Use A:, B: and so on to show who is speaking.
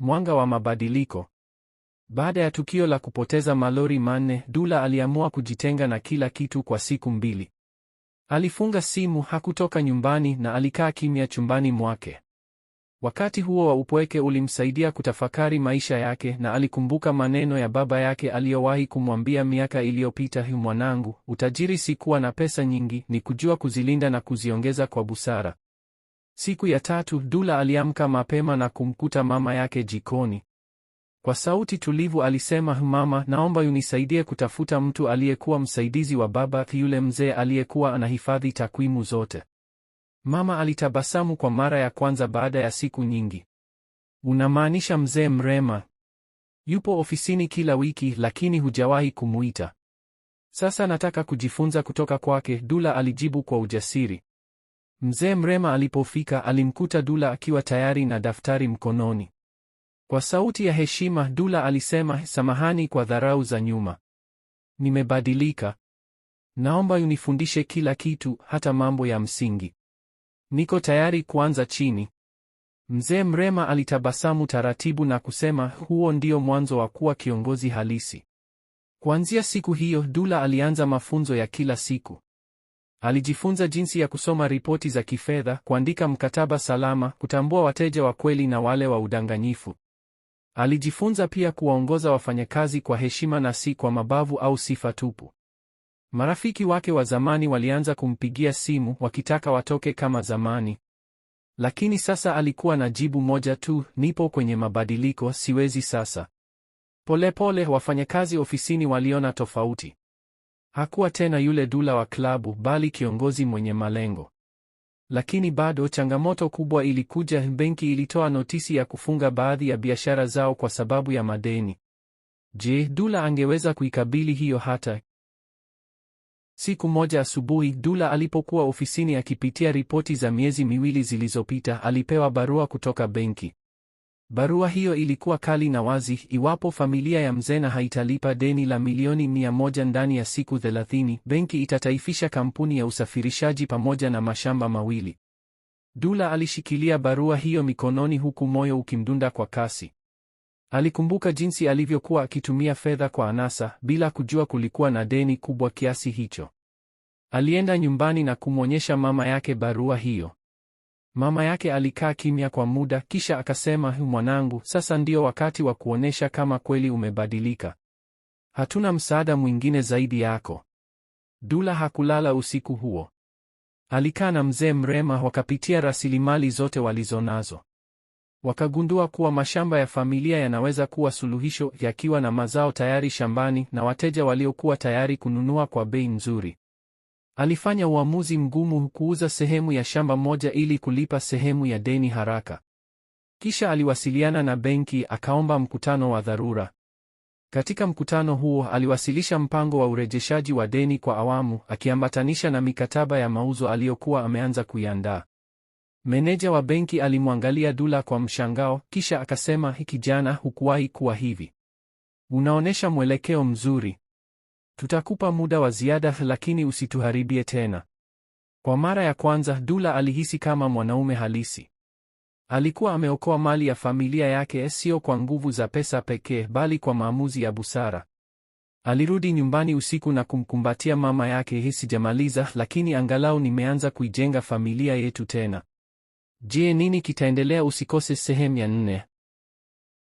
A: Mwanga wa mabadiliko. Baada ya tukio la kupoteza malori manne, Dula aliamua kujitenga na kila kitu kwa siku mbili. Alifunga simu, hakutoka nyumbani na alikaa kimya chumbani mwake. Wakati huo wa upweke ulimsaidia kutafakari maisha yake na alikumbuka maneno ya baba yake aliyowahi kumwambia miaka iliyopita, mwanangu, utajiri si kuwa na pesa nyingi, ni kujua kuzilinda na kuziongeza kwa busara. Siku ya tatu Dula aliamka mapema na kumkuta mama yake jikoni. Kwa sauti tulivu alisema, mama, naomba unisaidie kutafuta mtu aliyekuwa msaidizi wa baba, yule mzee aliyekuwa anahifadhi takwimu zote. Mama alitabasamu kwa mara ya kwanza baada ya siku nyingi. Unamaanisha mzee Mrema? Yupo ofisini kila wiki, lakini hujawahi kumuita. Sasa nataka kujifunza kutoka kwake, Dula alijibu kwa ujasiri. Mzee Mrema alipofika alimkuta Dula akiwa tayari na daftari mkononi. Kwa sauti ya heshima, Dula alisema, samahani kwa dharau za nyuma, nimebadilika. Naomba unifundishe kila kitu, hata mambo ya msingi. Niko tayari kuanza chini. Mzee Mrema alitabasamu taratibu na kusema, huo ndio mwanzo wa kuwa kiongozi halisi. Kuanzia siku hiyo, Dula alianza mafunzo ya kila siku. Alijifunza jinsi ya kusoma ripoti za kifedha, kuandika mkataba salama, kutambua wateja wa kweli na wale wa udanganyifu. Alijifunza pia kuwaongoza wafanyakazi kwa heshima na si kwa mabavu au sifa tupu. Marafiki wake wa zamani walianza kumpigia simu wakitaka watoke kama zamani. Lakini sasa alikuwa na jibu moja tu, nipo kwenye mabadiliko, siwezi sasa. Polepole pole, wafanyakazi ofisini waliona tofauti. Hakuwa tena yule Dula wa klabu bali kiongozi mwenye malengo. Lakini bado changamoto kubwa ilikuja. Benki ilitoa notisi ya kufunga baadhi ya biashara zao kwa sababu ya madeni. Je, Dula angeweza kuikabili hiyo? Hata siku moja asubuhi, Dula alipokuwa ofisini akipitia ripoti za miezi miwili zilizopita, alipewa barua kutoka benki. Barua hiyo ilikuwa kali na wazi. Iwapo familia ya Mzena haitalipa deni la milioni mia moja ndani ya siku 30, benki itataifisha kampuni ya usafirishaji pamoja na mashamba mawili. Dula alishikilia barua hiyo mikononi huku moyo ukimdunda kwa kasi. Alikumbuka jinsi alivyokuwa akitumia fedha kwa anasa bila kujua kulikuwa na deni kubwa kiasi hicho. Alienda nyumbani na kumwonyesha mama yake barua hiyo. Mama yake alikaa kimya kwa muda, kisha akasema, mwanangu, sasa ndio wakati wa kuonyesha kama kweli umebadilika. Hatuna msaada mwingine zaidi yako. Dula hakulala usiku huo. Alikaa na mzee Mrema, wakapitia rasilimali zote walizonazo. Wakagundua kuwa mashamba ya familia yanaweza kuwa suluhisho, yakiwa na mazao tayari shambani na wateja waliokuwa tayari kununua kwa bei nzuri. Alifanya uamuzi mgumu kuuza sehemu ya shamba moja ili kulipa sehemu ya deni haraka. Kisha aliwasiliana na benki akaomba mkutano wa dharura. Katika mkutano huo aliwasilisha mpango wa urejeshaji wa deni kwa awamu akiambatanisha na mikataba ya mauzo aliyokuwa ameanza kuiandaa. Meneja wa benki alimwangalia Dula kwa mshangao kisha akasema, "Hiki jana hukuwahi kuwa hivi. Unaonesha mwelekeo mzuri." Tutakupa muda wa ziada lakini usituharibie tena. Kwa mara ya kwanza, Dula alihisi kama mwanaume halisi. Alikuwa ameokoa mali ya familia yake, sio kwa nguvu za pesa pekee, bali kwa maamuzi ya busara. Alirudi nyumbani usiku na kumkumbatia mama yake, hisi jamaliza, lakini angalau nimeanza kuijenga familia yetu tena. Je, nini kitaendelea? Usikose sehemu ya nne.